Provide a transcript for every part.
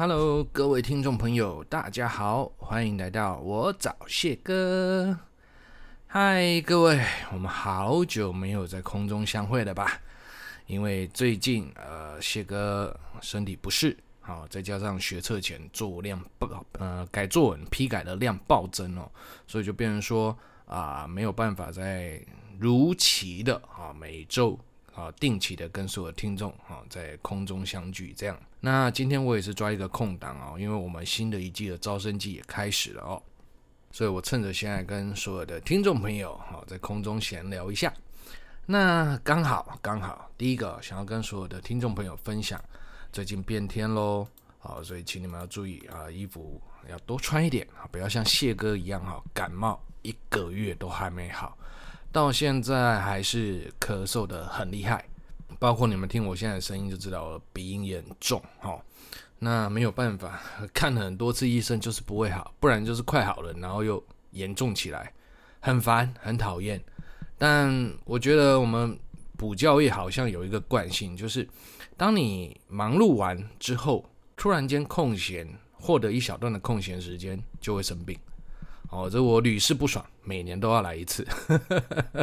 Hello，各位聽眾朋友，大家好，歡迎來到我找謝哥。嗨，各位，我們好久沒有在空中相會了吧？因為最近呃，謝哥身體不適，好、哦，再加上學測前作文暴呃改作文批改的量暴增哦，所以就變成說啊、呃，沒有辦法再如期的啊、哦、每周。啊，定期的跟所有聽眾啊，在空中相聚這樣。那今天我也是抓一個空檔哦，因為我們新的一季的招生季也開始了哦，所以我趁着現在跟所有的聽眾朋友哈，在空中閒聊一下。那剛好剛好，第一個想要跟所有的聽眾朋友分享，最近變天嘍，好，所以請你們要注意啊，衣服要多穿一點啊，不要像謝哥一樣哈，感冒一個月都還沒好。到現在還是咳嗽得很厲害，包括你們聽我現在的聲音就知道了，鼻音也很重哈。那沒有辦法，看了很多次醫生就是不會好，不然就是快好了，然後又嚴重起來，很煩很討厭。但我覺得我們補教業好像有一個慣性，就是當你忙碌完之後，突然間空閒，獲得一小段的空閒時間，就會生病。哦，這我屢試不爽，每年都要來一次。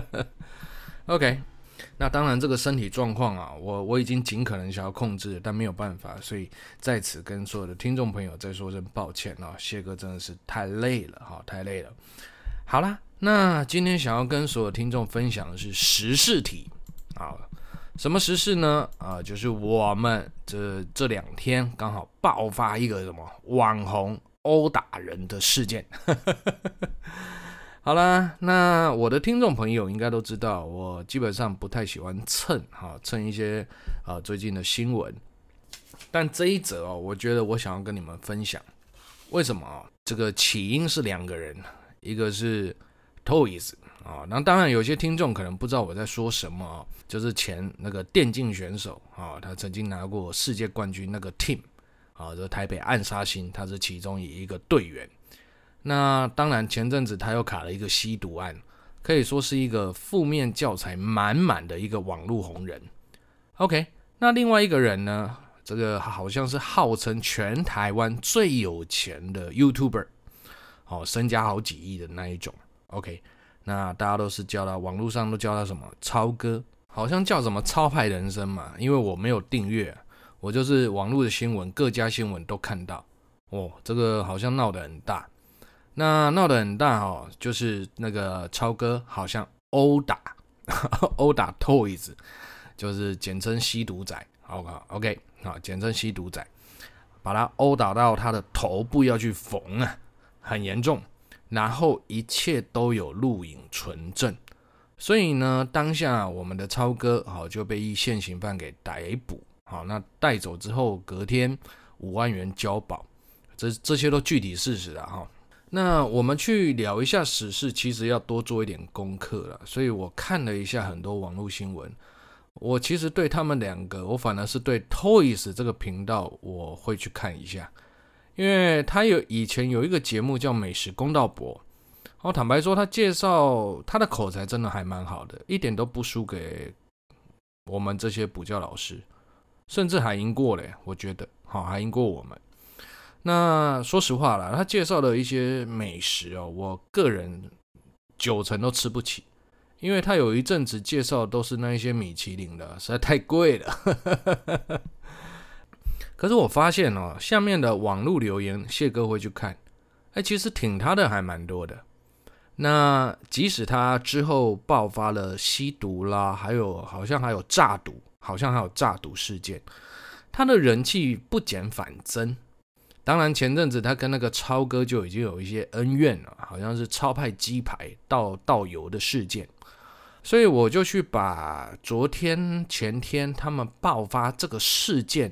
OK，那當然這個身體狀況啊，我我已經盡可能想要控制，但沒有辦法，所以在此跟所有的聽眾朋友再說聲抱歉啊，謝哥真的是太累了哈、哦，太累了。好啦，那今天想要跟所有聽眾分享的是時事題，啊，什麼時事呢？啊、呃，就是我們這這兩天剛好爆發一個什麼網紅。毆打人的事件， 好啦，那我的聽眾朋友應該都知道，我基本上不太喜歡蹭哈、哦、蹭一些啊、哦、最近的新聞，但這一則哦，我覺得我想要跟你們分享，為什麼啊、哦，這個起因是兩個人，一個是 Toys 啊、哦，那當然有些聽眾可能不知道我在說什麼，哦、就是前那個電競選手啊、哦，他曾經拿過世界冠軍那個 Team。好、哦，這台北暗殺星，他是其中一個隊員。那當然，前陣子他又卡了一個吸毒案，可以說是一個負面教材滿滿的一個網絡紅人。OK，那另外一個人呢？這個好像是號稱全台灣最有錢的 YouTuber，好、哦，身家好幾億的那一種。OK，那大家都是叫他，網絡上都叫他什麼？超哥，好像叫什麼超派人生嘛？因為我沒有訂閱。我就是網絡的新聞，各家新聞都看到哦。這個好像鬧得很大，那鬧得很大哦，就是那個超哥好像毆打毆打 Toys，就是簡稱吸毒仔，好不好？OK，好，簡稱吸毒仔，把他毆打到他的頭部要去縫啊，很嚴重。然後一切都有錄影存證，所以呢，當下我們的超哥好就被以現行犯給逮捕。好，那帶走之後隔天五萬元交保，這這些都具體事實了、啊、哈。那我們去聊一下時事，其實要多做一點功課了。所以我看了一下很多網絡新聞，我其實對他們兩個，我反而是對 Toyz 這個頻道我會去看一下，因為他有以前有一個節目叫《美食公道伯》，我坦白說，他介紹他的口才真的還蠻好的，一點都不輸給，我們這些補教老師。甚至還贏過嘞，我覺得，好，還贏過我們。那說實話啦，他介紹的一些美食哦、喔，我個人九成都吃不起，因為他有一陣子介紹都是那一些米其林的，實在太貴了。 可是我發現哦、喔，下面的網絡留言，謝哥會去看，哎、欸，其實挺他的還蠻多的。那即使他之後爆發了吸毒啦，還有好像還有詐賭。好像還有詐賭事件，他的人氣不減反增。當然，前陣子他跟那個超哥就已經有一些恩怨了，好像是超派雞排倒倒油的事件。所以我就去把昨天、前天他們爆發這個事件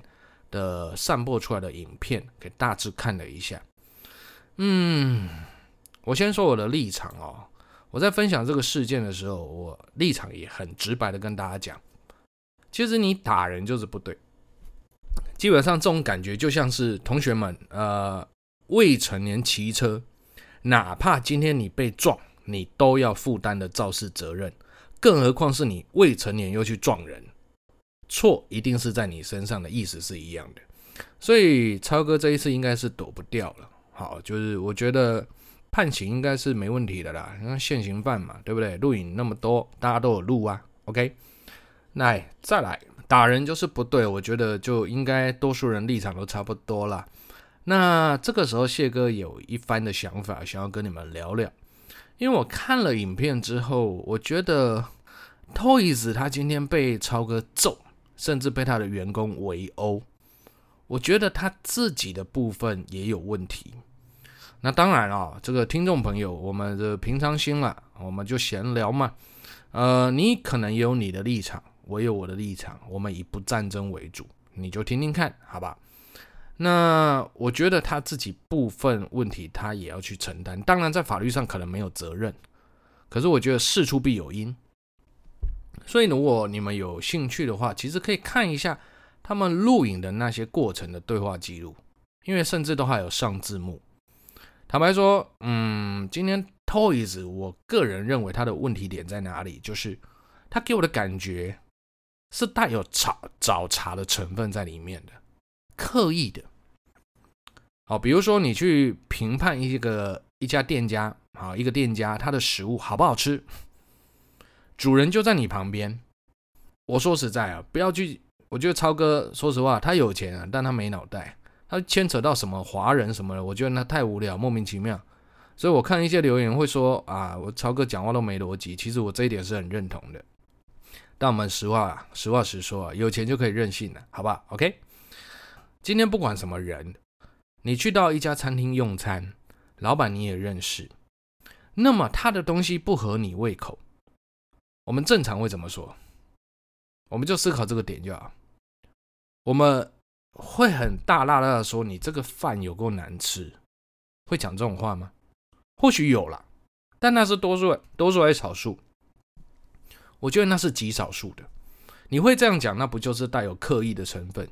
的散播出來的影片給大致看了一下。嗯，我先說我的立場哦。我在分享這個事件的時候，我立場也很直白的跟大家講。其實你打人就是不對，基本上這種感覺就像是同學們，呃，未成年騎車，哪怕今天你被撞，你都要負擔的肇事責任，更何況是你未成年又去撞人，錯一定是在你身上的，意思是一樣的。所以超哥這一次應該是躲不掉了。好，就是我覺得判刑應該是沒問題的啦，你看現行犯嘛，對不對？錄影那麼多，大家都有錄啊，OK。那再來打人就是不對，我覺得就應該多數人立場都差不多啦。那這個時候謝哥有一番的想法，想要跟你們聊聊。因為我看了影片之後，我覺得 Toys 他今天被超哥揍，甚至被他的員工圍毆，我覺得他自己的部分也有問題。那當然哦，這個聽眾朋友，我們的平常心啦，我們就閒聊嘛。呃，你可能也有你的立場。我有我的立場，我們以不戰爭為主，你就聽聽看，好吧？那我覺得他自己部分問題他也要去承擔，當然在法律上可能沒有責任，可是我覺得事出必有因。所以如果你們有興趣的話，其實可以看一下他們錄影的那些過程的對話記錄，因為甚至都還有上字幕。坦白說，嗯，今天 Toys，我個人認為他的問題點在哪裡，就是他給我的感覺。是帶有茶，找茬的成分在裡面的，刻意的。好，比如說你去評判一個一家店家，啊，一個店家他的食物好不好吃，主人就在你旁邊，我說實在啊，不要去。我覺得超哥說實話，他有錢啊，但他沒腦袋。他牽扯到什麼華人什麼的，我覺得他太無聊，莫名其妙。所以我看一些留言會說啊，我超哥講話都沒邏輯。其實我這一點是很認同的。讓我們實話實話實說，有錢就可以任性了，好吧？OK，今天不管什麼人，你去到一家餐廳用餐，老板你也認識，那麼他的東西不合你胃口，我們正常會怎麼說？我們就思考這個點就好。我們會很大剌剌的說：“你這個飯有夠難吃。”會講這種話嗎？或許有啦，但那是多數，多數還是少數？我覺得那是極少數的。你會這樣講，那不就是帶有刻意的成分？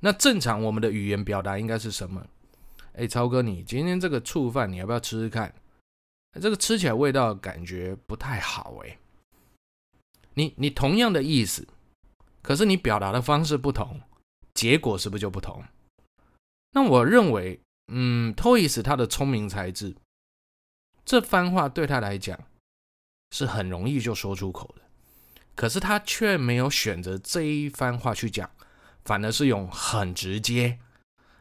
那正常我們的語言表達應該是什麼？誒，超哥，你今天這個醋飯你要不要吃吃看？這個吃起來味道的感覺不太好誒。你你同樣的意思，可是你表達的方式不同，結果是不是就不同？那我認為，嗯，Toyz 他的聰明才智，這番話對他來講是很容易就說出口的。可是他卻沒有選擇這一番話去講，反而是用很直接、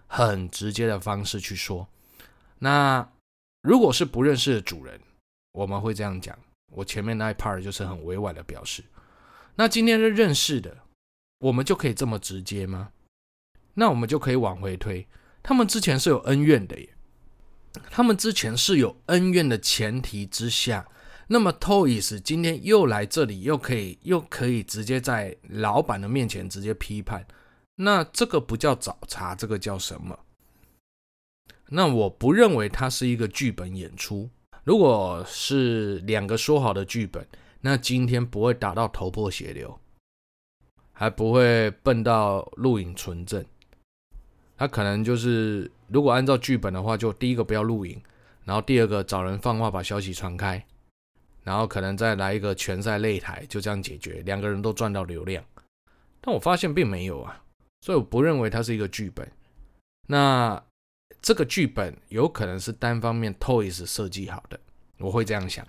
很直接的方式去說。那如果是不認識的主人，我們會這樣講？我前面那一 part 就是很委婉的表示。那今天是認識的，我們就可以這麼直接嗎？那我們就可以往回推，他們之前是有恩怨的耶。他們之前是有恩怨的前提之下。那麼 Toyz 今天又來這裡，又可以又可以直接在老闆的面前直接批判，那這個不叫找茬，這個叫什麼？那我不認為它是一個劇本演出。如果是兩個說好的劇本，那今天不會打到頭破血流，還不會笨到錄影存證。他可能就是，如果按照劇本的話，就第一個不要錄影，然後第二個找人放話，把消息傳開。然後可能再來一個拳賽擂台，就這樣解決，兩個人都賺到流量。但我發現並沒有啊，所以我不認為它是一個劇本。那這個劇本有可能是單方面 Toys 設計好的，我會這樣想。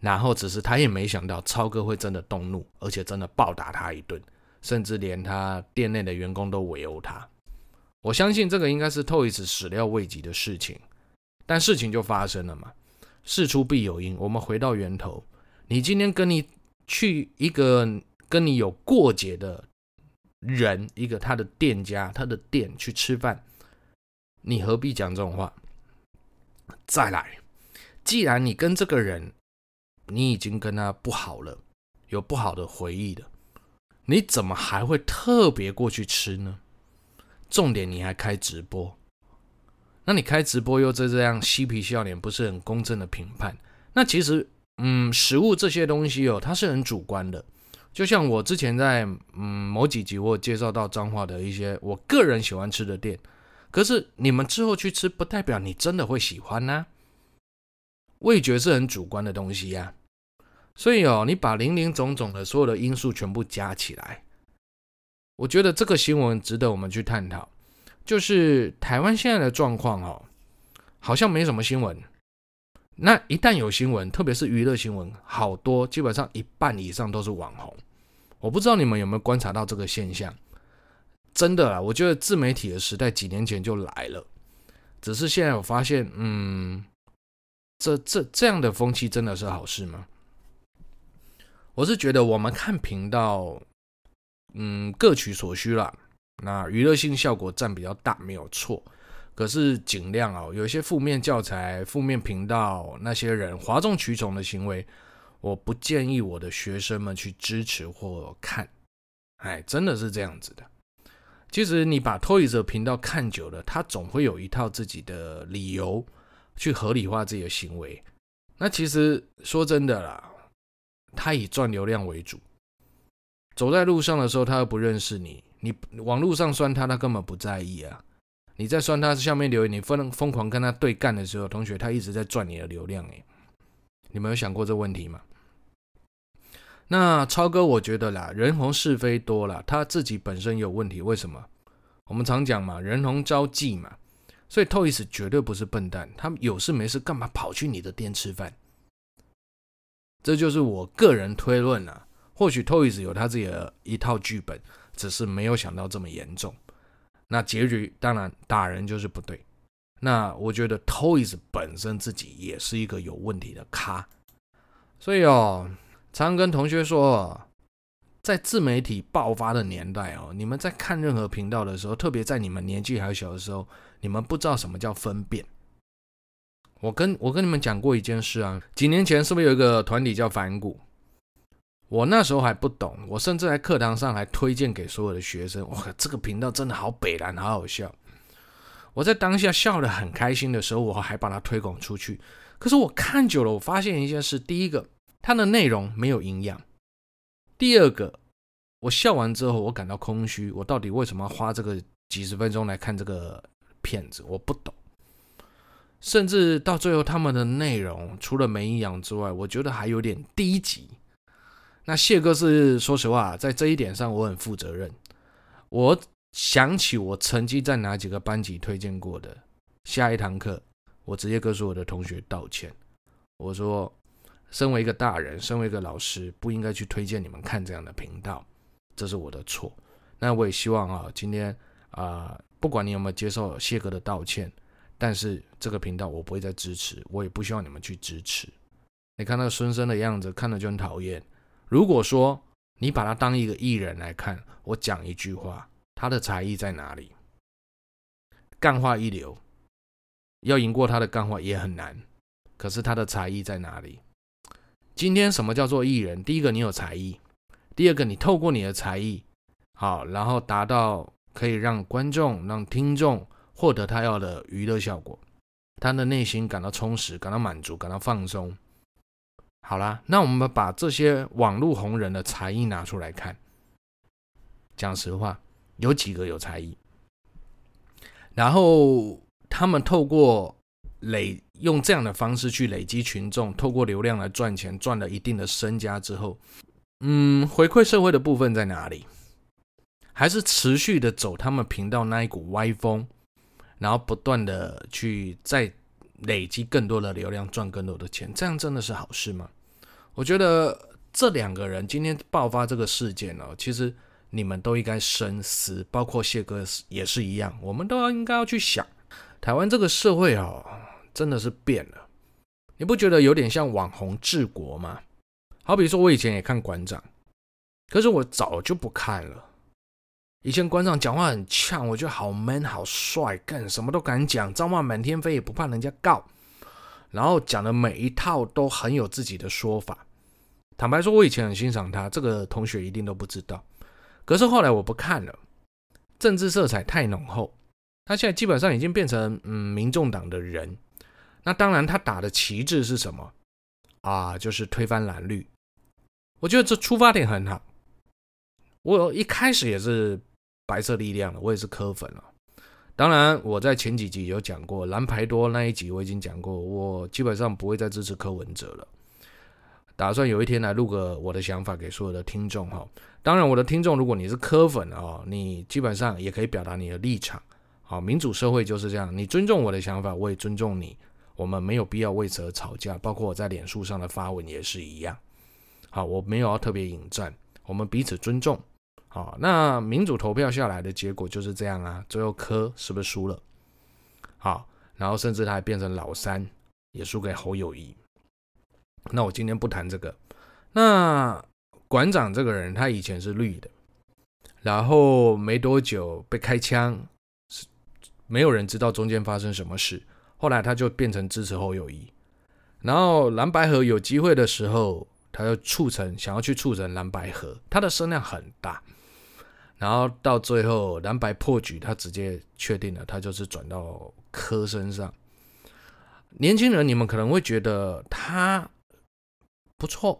然後只是他也沒想到超哥會真的動怒，而且真的暴打他一頓，甚至連他店內的員工都圍毆他。我相信這個應該是 Toys 始料未及的事情，但事情就發生了嘛。事出必有因，我們回到源頭。你今天跟你去一個跟你有過節的人，一個他的店家，他的店去吃飯，你何必講這種話？再來，既然你跟這個人你已經跟他不好了，有不好的回憶了，你怎麼還會特別過去吃呢？重點你還開直播。那你開直播又在這樣嬉皮笑臉，不是很公正的評判。那其實，嗯，食物這些東西哦，它是很主觀的。就像我之前在嗯某幾集我有介紹到彰化的一些我個人喜歡吃的店，可是你們之後去吃，不代表你真的會喜歡吶、啊。味覺是很主觀的東西呀、啊。所以哦，你把零零總總的所有的因素全部加起來，我覺得這個新聞值得我們去探討。就是台灣現在的狀況哦，好像沒什麼新聞。那一旦有新聞，特別是娛樂新聞，好多，基本上一半以上都是網紅。我不知道你們有沒有觀察到這個現象？真的啦，我覺得自媒體的時代幾年前就來了，只是現在我發現，嗯，這這這樣的風氣真的是好事嗎？我是覺得我們看頻道，嗯，各取所需啦。那娛樂性效果佔比較大沒有錯，可是儘量哦，有一些負面教材、負面頻道那些人譁眾取寵的行為，我不建議我的學生們去支持或看。哎，真的是這樣子的。其實你把拖椅子頻道看久了，他總會有一套自己的理由去合理化自己的行為。那其實說真的啦，他以賺流量為主。走在路上的時候，他又不認識你。你網絡上酸他，他根本不在意啊！你在酸他下面留言，你瘋瘋狂跟他對幹的時候，同學他一直在賺你的流量哎！你們有想過這問題嗎？那超哥，我覺得啦，人紅是非多啦，他自己本身有問題。為什麼？我們常講嘛，人紅招嫉嘛。所以 Toys 絕對不是笨蛋，他有事沒事幹嘛跑去你的店吃飯？這就是我個人推論了啊。或許 Toys 有他自己的一套劇本。只是沒有想到這麼嚴重，那結局當然打人就是不對。那我覺得 Toyz 本身自己也是一個有問題的咖，所以哦，常跟同學說，在自媒體爆發的年代哦，你們在看任何頻道的時候，特別在你們年紀還小的時候，你們不知道什麼叫分辨。我跟我跟你們講過一件事啊，幾年前是不是有一個團體叫反骨？我那時候還不懂，我甚至在課堂上還推薦給所有的學生：“哇，這個頻道真的好北爛，好好笑。”我在當下笑得很開心的時候，我還把它推廣出去。可是我看久了，我發現一件事：第一個，它的內容沒有營養；第二個，我笑完之後，我感到空虛。我到底為什麼要花這個幾十分鐘來看這個片子？我不懂。甚至到最後，他們的內容除了沒營養之外，我覺得還有點低級。那謝哥是說實話，在這一點上我很負責任。我想起我曾經在哪幾個班級推薦過的，下一堂課我直接告訴我的同學道歉。我說，身為一個大人，身為一個老師，不應該去推薦你們看這樣的頻道，這是我的錯。那我也希望啊，今天啊，不管你有沒有接受謝哥的道歉，但是這個頻道我不會再支持，我也不希望你們去支持。你看那個孫生的樣子，看着就很討厭。如果說你把他當一個藝人來看，我講一句話，他的才藝在哪裡？幹話一流，要贏過他的幹話也很難。可是他的才藝在哪裡？今天什麼叫做藝人？第一個，你有才藝；第二個，你透過你的才藝，好，然後達到可以讓觀眾、讓聽眾獲得他要的娛樂效果，他的內心感到充實、感到滿足、感到放鬆。好啦，那我們把這些網絡紅人的才藝拿出來看。講實話，有幾個有才藝？然後他們透過累，用這樣的方式去累積群眾，透過流量來賺錢，賺了一定的身家之後，嗯，回饋社會的部分在哪裡？還是持續的走他們頻道那一股歪風，然後不斷的去再。累積更多的流量，賺更多的錢，這樣真的是好事嗎？我覺得這兩個人今天爆發這個事件哦，其實你們都應該深思，包括謝哥也是一樣，我們都要應該要去想，台灣這個社會哦，真的是變了，你不覺得有點像網紅治國嗎？好比說，我以前也看館長，可是我早就不看了。以前館長講話很嗆，我覺得好 man、好帥，幹什麼都敢講，髒話滿天飛也不怕人家告。然後講的每一套都很有自己的說法。坦白說，我以前很欣賞他，這個同學一定都不知道。可是後來我不看了，政治色彩太濃厚。他現在基本上已經變成嗯民眾黨的人。那當然，他打的旗幟是什麼啊？就是推翻藍綠。我覺得這出發點很好。我一開始也是。白色力量的，我也是科粉了、哦。當然，我在前幾集有講過，藍牌多那一集我已經講過，我基本上不會再支持柯文哲了。打算有一天來錄個我的想法給所有的聽眾哈、哦。當然，我的聽眾，如果你是科粉哦，你基本上也可以表達你的立場。好，民主社會就是這樣，你尊重我的想法，我也尊重你，我們沒有必要為此而吵架。包括我在臉書上的發文也是一樣。好，我沒有要特別引戰，我們彼此尊重。好，那民主投票下來的結果就是這樣啊，最後柯是不是輸了？好，然後甚至他還變成老三，也輸給侯友宜。那我今天不談這個。那館長這個人，他以前是綠的，然後沒多久被開槍，是沒有人知道中間發生什麼事。後來他就變成支持侯友宜，然後藍白合有機會的時候，他就促成，想要去促成藍白合，他的聲量很大。然後到最後藍白破局，他直接確定了，他就是轉到柯身上。年輕人，你們可能會覺得他不錯，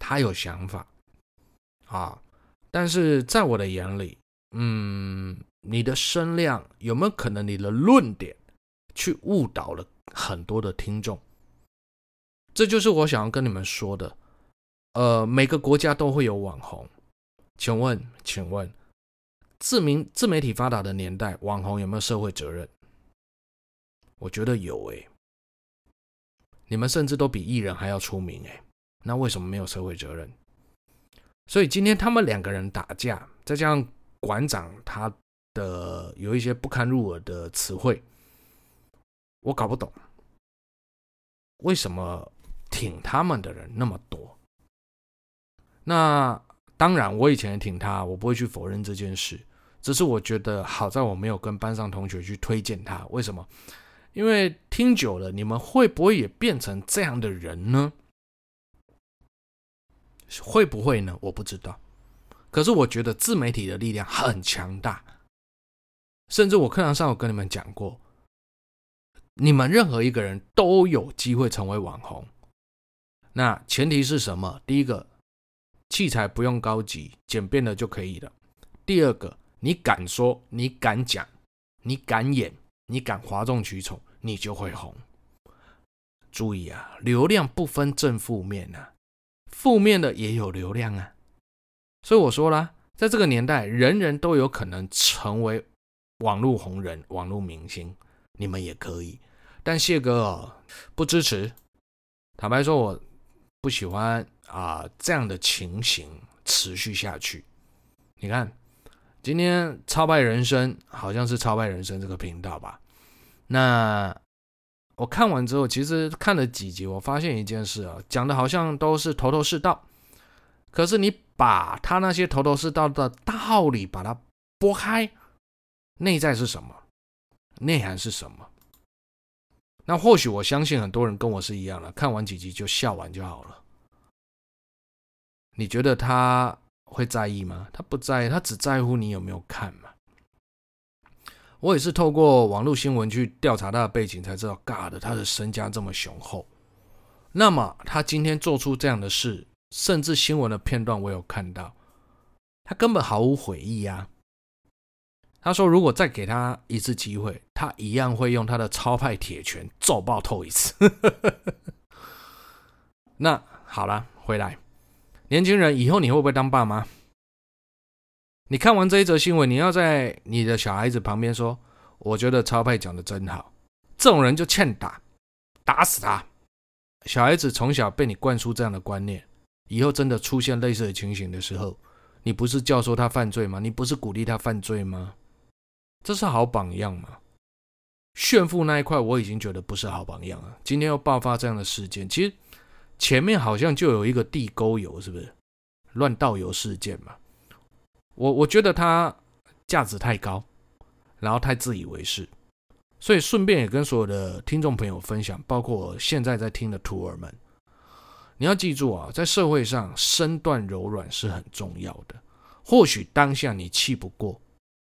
他有想法啊，但是在我的眼裡，嗯，你的聲量有沒有可能你的論點去誤導了很多的聽眾？這就是我想要跟你們說的。呃，每個國家都會有網紅，請問，請問。自明自媒體發達的年代，網紅有沒有社會責任？我覺得有哎。你們甚至都比藝人還要出名哎，那為什麼沒有社會責任？所以今天他們兩個人打架，再加上館長他的有一些不堪入耳的詞彙，我搞不懂為什麼挺他們的人那麼多。那當然，我以前也挺他，我不會去否認這件事。只是我覺得好在我沒有跟班上同學去推薦他，為什麼？因為聽久了，你們會不會也變成這樣的人呢？會不會呢？我不知道。可是我覺得自媒體的力量很強大，甚至我課堂上有跟你們講過，你們任何一個人都有機會成為網紅。那前提是什麼？第一個，器材不用高級，簡便的就可以了。第二個，你敢說，你敢講，你敢演，你敢嘩眾取寵，你就會紅。注意啊，流量不分正負面啊，負面的也有流量啊。所以我說啦，在這個年代，人人都有可能成為網絡紅人、網絡明星，你們也可以。但謝哥哦，不支持。坦白說，我不喜歡啊，呃，這樣的情形持續下去。你看。今天超派人生，好像是超派人生這個頻道吧？那我看完之後，其實看了幾集，我發現一件事啊，講的好像都是頭頭是道，可是你把他那些頭頭是道的道理，把它撥開，內在是什麼？內涵是什麼？那或許我相信很多人跟我是一樣的，看完幾集就笑完就好了。你覺得他？會在意嗎？他不在意，他只在乎你有沒有看嘛。我也是透過網絡新聞去調查他的背景，才知道尬的他的身家這麼雄厚。那麼他今天做出這樣的事，甚至新聞的片段我有看到，他根本毫無悔意呀、啊。他說：“如果再給他一次機會，他一樣會用他的超派鐵拳揍爆頭一次。” 那，那好了，回來。年輕人，以後你會不會當爸媽？你看完這一則新聞，你要在你的小孩子旁邊說：“我覺得超派講的真好，這種人就欠打，打死他！”小孩子從小被你灌輸這樣的觀念，以後真的出現類似的情形的時候，你不是教唆他犯罪嗎？你不是鼓勵他犯罪嗎？這是好榜樣嗎？炫富那一塊，我已經覺得不是好榜樣了。今天又爆發這樣的事件，其實。前面好像就有一個地溝油，是不是亂倒油事件嘛？我我覺得它價值太高，然後太自以為是，所以順便也跟所有的聽眾朋友分享，包括現在在聽的徒兒們，你要記住啊，在社會上身段柔軟是很重要的。或許當下你氣不過，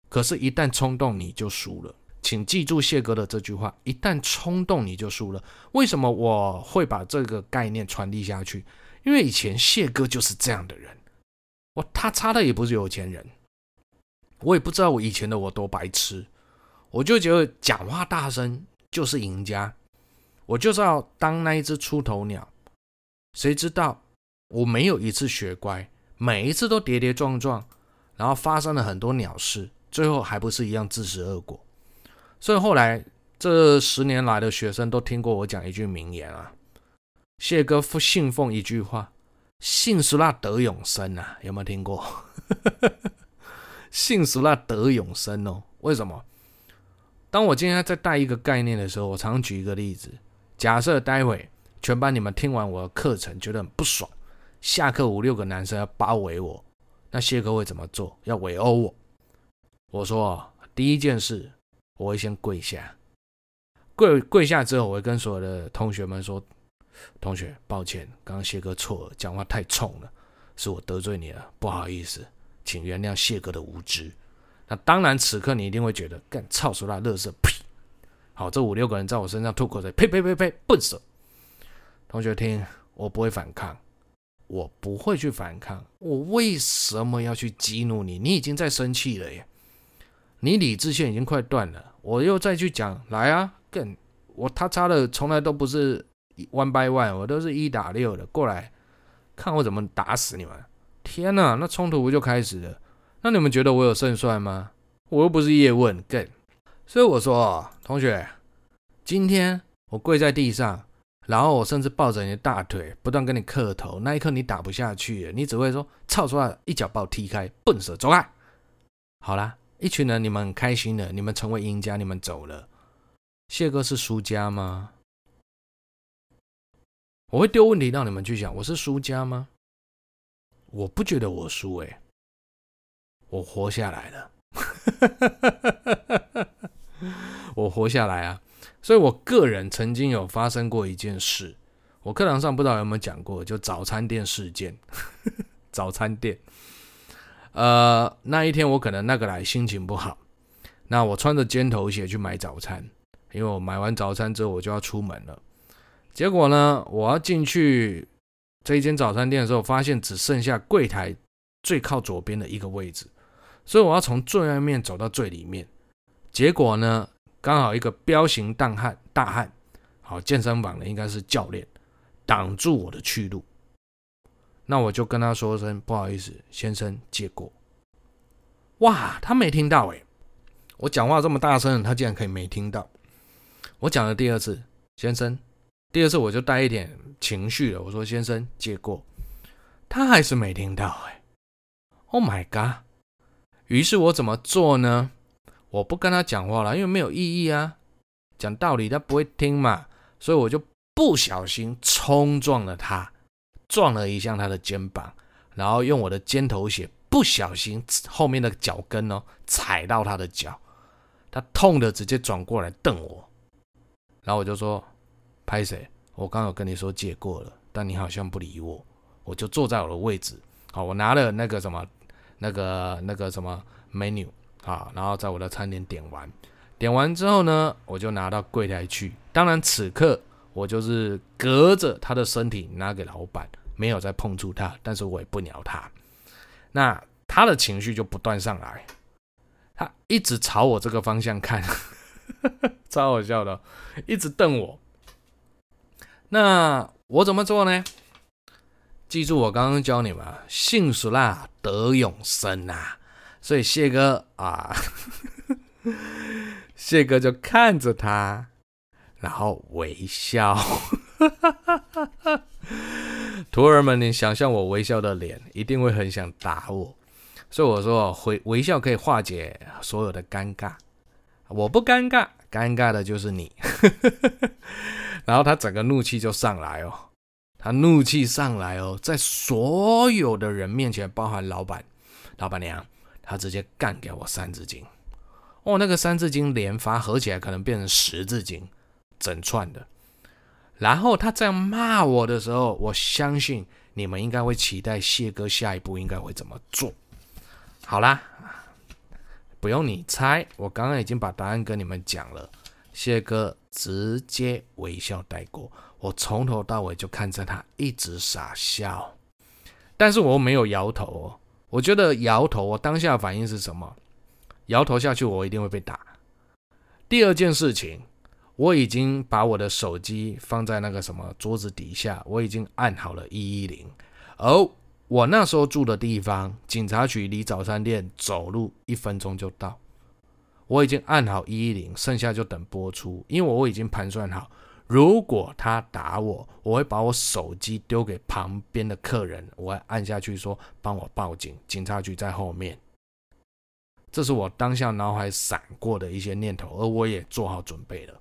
可是，一旦衝動你就輸了。請記住謝哥的這句話：一旦衝動，你就輸了。為什麼我會把這個概念傳遞下去？因為以前謝哥就是這樣的人。我他差的也不是有錢人，我也不知道我以前的我多白痴。我就覺得講話大聲就是贏家，我就是要當那一隻出頭鳥。誰知道我沒有一次學乖，每一次都跌跌撞撞，然後發生了很多鳥事，最後還不是一樣自食惡果。所以後來這十年來的學生都聽過我講一句名言啊，謝哥信奉一句話：信俗辣得永生啊，有沒有聽過？信俗辣得永生哦。為什麼？當我今天在帶一個概念的時候，我常舉一個例子：假設待會全班你們聽完我的課程覺得很不爽，下課五六個男生要包圍我，那謝哥會怎麼做？要圍毆我？我說第一件事。我會先跪下，跪跪下，之後，我會跟所有的同學們說：“同學，抱歉，剛剛謝哥錯了，講話太衝了，是我得罪你了，不好意思，請原諒謝哥的無知。”那當然，此刻你一定會覺得：“幹超俗辣樂色，呸！”好，這五六個人在我身上吐口水，呸呸呸呸，笨死！同學聽，我不會反抗，我不會去反抗，我為什麼要去激怒你？你已經在生氣了耶。你理智線已經快斷了，我又再去講來啊，更我他插的從來都不是 one by one，我都是一打六的過來，看我怎麼打死你們！天吶，那衝突不就開始了？那你們覺得我有勝算嗎？我又不是葉問，更所以我說同學，今天我跪在地上，然後我甚至抱着你的大腿，不斷跟你磕頭，那一刻你打不下去了，你只會說操出來，一腳把我踢開，笨死走開！好啦。一群人，你們很開心了。你們成為贏家，你們走了。謝哥是輸家嗎？我會丟問題讓你們去想。我是輸家嗎？我不覺得我輸，哎，我活下來了， 我活下來啊！所以我個人曾經有發生過一件事，我課堂上不知道有沒有講過，就早餐店事件， 早餐店。呃，那一天我可能那個來心情不好，那我穿着尖頭鞋去買早餐，因為我買完早餐之後我就要出門了。結果呢，我要進去這一間早餐店的時候，發現只剩下櫃檯最靠左邊的一個位置，所以我要從最外面走到最裡面。結果呢，剛好一個彪形大漢，大漢，好，健身房的應該是教練，擋住我的去路。那我就跟他說聲不好意思，先生借過。哇，他沒聽到欸！我講話這麼大聲，他竟然可以沒聽到。我講了第二次，先生，第二次我就帶一點情緒了，我說先生借過，他還是沒聽到欸。Oh my God！於是我怎麼做呢？我不跟他講話了，因為沒有意義啊。講道理他不會聽嘛，所以我就不小心衝撞了他。撞了一下他的肩膀，然後用我的尖頭鞋不小心後面的腳跟哦踩到他的腳，他痛的直接轉過來瞪我，然後我就說拍誰？我剛有跟你說借過了，但你好像不理我，我就坐在我的位置。好，我拿了那個什麼那個那個什麼 menu 啊，然後在我的餐點點完，點完之後呢，我就拿到櫃台去，當然此刻。我就是隔着他的身體拿給老板，沒有再碰觸他，但是我也不鳥他。那他的情緒就不斷上來，他一直朝我這個方向看， 超好笑的，一直瞪我。那我怎麼做呢？記住我剛剛教你們，信俗辣得永生啊！所以謝哥啊， 謝哥就看着他。然後微笑，哈哈哈哈哈！徒兒們，你想象我微笑的臉，一定會很想打我。所以我說，回微笑可以化解所有的尷尬。我不尷尬，尷尬的就是你。 然後他整個怒氣就上來哦，他怒氣上來哦，在所有的人面前，包含老闆、老闆娘，他直接幹給我三字經。哦，那個三字經連發合起來，可能變成十字經。整串的，然後他在罵我的時候，我相信你們應該會期待謝哥下一步應該會怎麼做。好啦，不用你猜，我剛剛已經把答案跟你們講了。謝哥直接微笑帶過，我從頭到尾就看着他一直傻笑，但是我沒有搖頭哦。我覺得搖頭，我當下的反應是什麼？搖頭下去，我一定會被打。第二件事情。我已經把我的手機放在那個什麼桌子底下，我已經按好了一一零。而、oh, 我那時候住的地方，警察局離早餐店走路一分鐘就到。我已經按好一一零，剩下就等播出。因為我我已經盤算好，如果他打我，我會把我手機丟給旁邊的客人，我會按下去說幫我報警，警察局在後面。這是我當下腦海閃過的一些念頭，而我也做好準備了。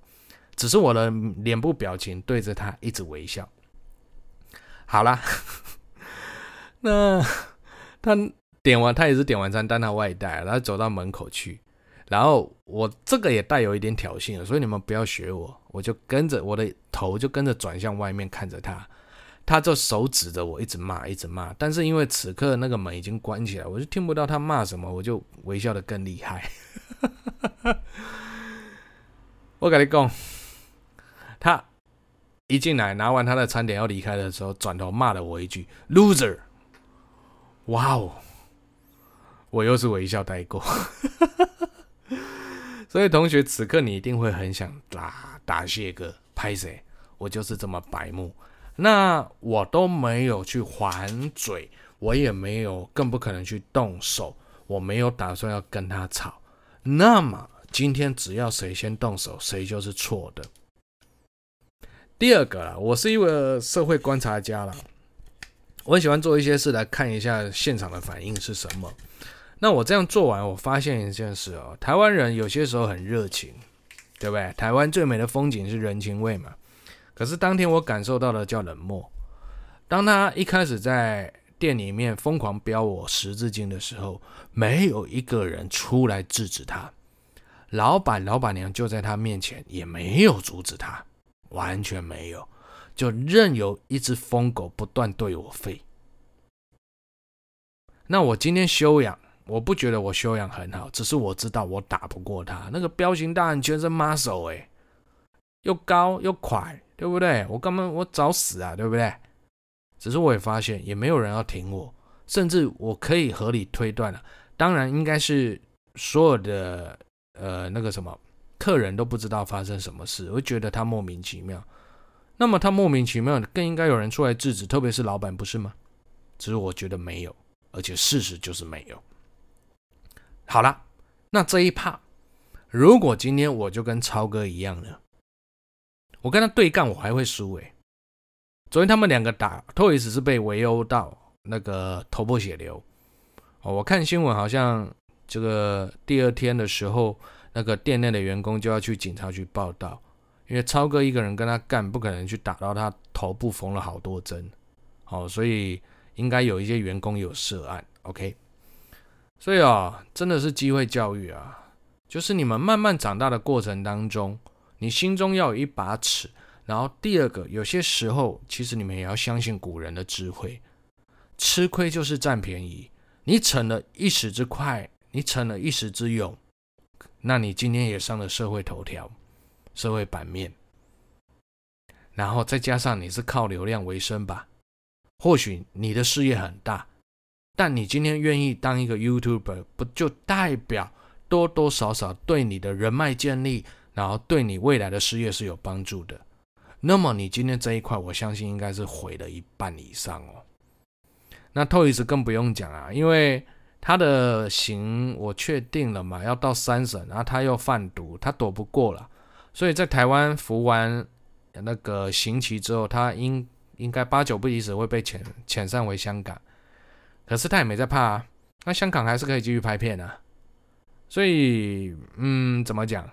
只是我的臉部表情對着他一直微笑。好啦， 那他點完，他也是點完餐，但他外帶，然後走到門口去，然後我這個也帶有一點挑釁，所以你們不要學我，我就跟着我的頭就跟着轉向外面看着他，他就手指着我一直罵，一直罵，但是因為此刻那個門已經關起來，我就聽不到他罵什麼，我就微笑的更厲害。 我跟你講。他一進來拿完他的餐點要離開的時候，轉頭罵了我一句 “loser”。哇哦，我又是微笑帶過。 所以同學，此刻你一定會很想打打謝哥，拍誰？我就是這麼白目。那我都沒有去還嘴，我也沒有，更不可能去動手。我沒有打算要跟他吵。那麼今天只要誰先動手，誰就是錯的。第二個啦，我是一個社會觀察家啦，我很喜歡做一些事來看一下現場的反應是什麼。那我這樣做完，我發現一件事哦，台灣人有些時候很熱情，對不對？台灣最美的風景是人情味嘛。可是當天我感受到的叫冷漠。當他一開始在店裡面瘋狂飆我十字經的時候，沒有一個人出來制止他，老闆、老闆娘就在他面前，也沒有阻止他。完全沒有，就任由一隻瘋狗不斷對我吠。那我今天修養，我不覺得我修養很好，只是我知道我打不過他。那個彪形大漢全身 muscle，哎，又高又快，對不對？我幹嘛？我找死啊，對不對？只是我也發現，也沒有人要挺我，甚至我可以合理推斷了，當然應該是所有的呃那個什麼。客人都不知道發生什麼事，我覺得他莫名其妙。那麼他莫名其妙，更應該有人出來制止，特別是老闆，不是嗎？只是我覺得沒有，而且事實就是沒有。好啦，那這一趴，如果今天我就跟超哥一樣呢，我跟他對幹，我還會輸誒，昨天他們兩個打頭一次是被圍毆到那個頭破血流哦。我看新聞好像這個第二天的時候。那個店內的員工就要去警察局報到，因為超哥一個人跟他幹不可能去打到他頭部縫了好多針，哦，所以應該有一些員工有涉案。OK，所以啊、哦，真的是機會教育啊，就是你們慢慢長大的過程當中，你心中要有一把尺。然後第二個，有些時候其實你們也要相信古人的智慧，吃虧就是占便宜，你逞了一時之快，你逞了一時之勇。那你今天也上了社會頭條、社會版面，然後再加上你是靠流量為生吧？或許你的事業很大，但你今天願意當一個 YouTuber，不就代表多多少少對你的人脈建立，然後對你未來的事業是有幫助的？那麼你今天這一塊，我相信應該是毀了一半以上哦。那拖椅子更不用講啊，因為。他的刑我確定了嘛，要到三審，然後他又販毒，他躲不過了，所以在台灣服完那個刑期之後，他應應該八九不離十會被遣遣散回香港，可是他也沒在怕啊，那香港還是可以繼續拍片啊，所以嗯，怎麼講，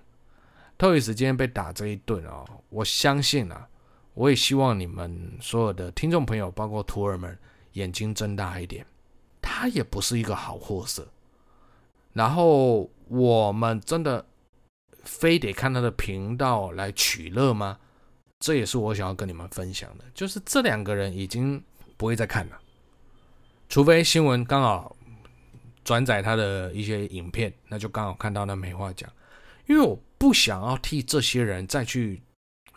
特衛時間被打這一頓哦，我相信啊，我也希望你們所有的聽眾朋友，包括徒兒們，眼睛睜大一點。他也不是一個好貨色，然後我們真的非得看他的頻道來取樂嗎？這也是我想要跟你們分享的，就是這兩個人已經不會再看了，除非新聞剛好轉載他的一些影片，那就剛好看到，那沒話講。因為我不想要替這些人再去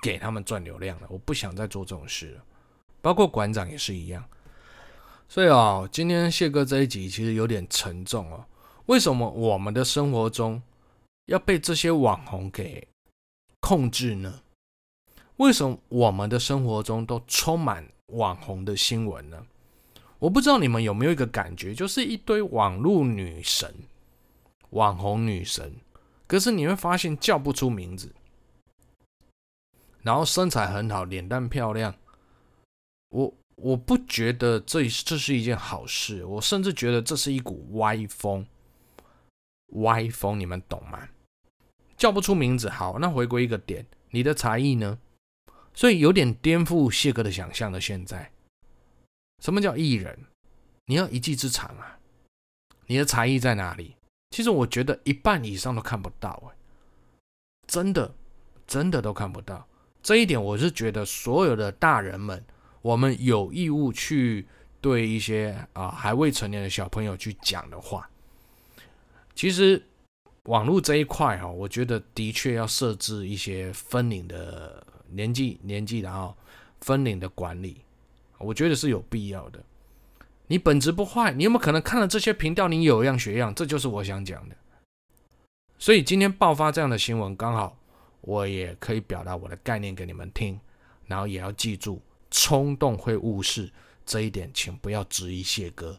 給他們賺流量了，我不想再做這種事了，包括館長也是一樣。所以哦，今天謝哥這一集其實有點沉重哦。為什麼我們的生活中要被這些網紅給控制呢？為什麼我們的生活中都充滿網紅的新聞呢？我不知道你們有沒有一個感覺，就是一堆網絡女神、網紅女神，可是你會發現叫不出名字，然後身材很好，臉蛋漂亮，我。我不覺得這這是一件好事，我甚至覺得這是一股歪風，歪風你們懂嗎？叫不出名字。好，那回歸一個點，你的才藝呢？所以有點顛覆謝哥的想象了。現在，什麼叫藝人？你要一技之長啊！你的才藝在哪裡？其實我覺得一半以上都看不到哎、欸，真的真的都看不到。這一點我是覺得所有的大人們。我們有義務去對一些啊還未成年的小朋友去講的話，其實網絡這一塊哈、哦，我覺得的確要設置一些分齡的年紀年紀，然後分齡的管理，我覺得是有必要的。你本質不壞，你有沒有可能看了這些頻道，你有樣學樣？這就是我想講的。所以今天爆發這樣的新聞，剛好我也可以表達我的概念給你們聽，然後也要記住。衝動會誤事，這一點請不要質疑謝哥。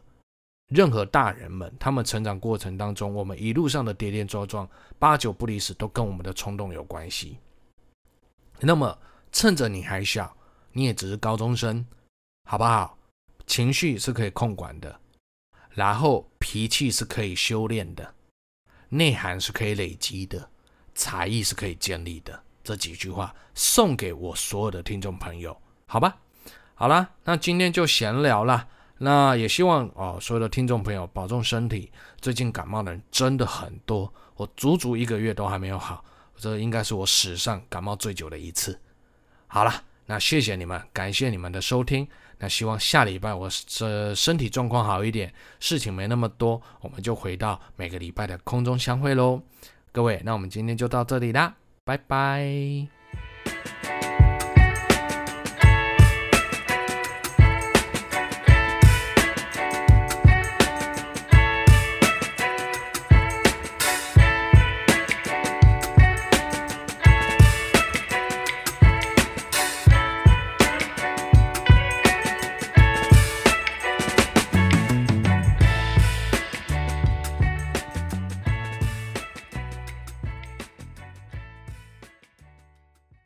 任何大人們，他們成長過程當中，我們一路上的跌跌撞撞，八九不離十都跟我們的衝動有關係。那麼，趁着你還小，你也只是高中生，好不好？情緒是可以控管的，然後脾氣是可以修煉的，內涵是可以累積的，才藝是可以建立的。這幾句話送給我所有的聽眾朋友，好吧？好啦，那今天就閒聊啦。那也希望哦，所有的聽眾朋友保重身體。最近感冒的人真的很多，我足足一個月都還沒有好，這應該是我史上感冒最久的一次。好啦，那謝謝你們，感謝你們的收聽。那希望下禮拜我這、呃、身體狀況好一點，事情沒那麼多，我們就回到每個禮拜的空中相會嘍。各位，那我們今天就到這裡啦，拜拜。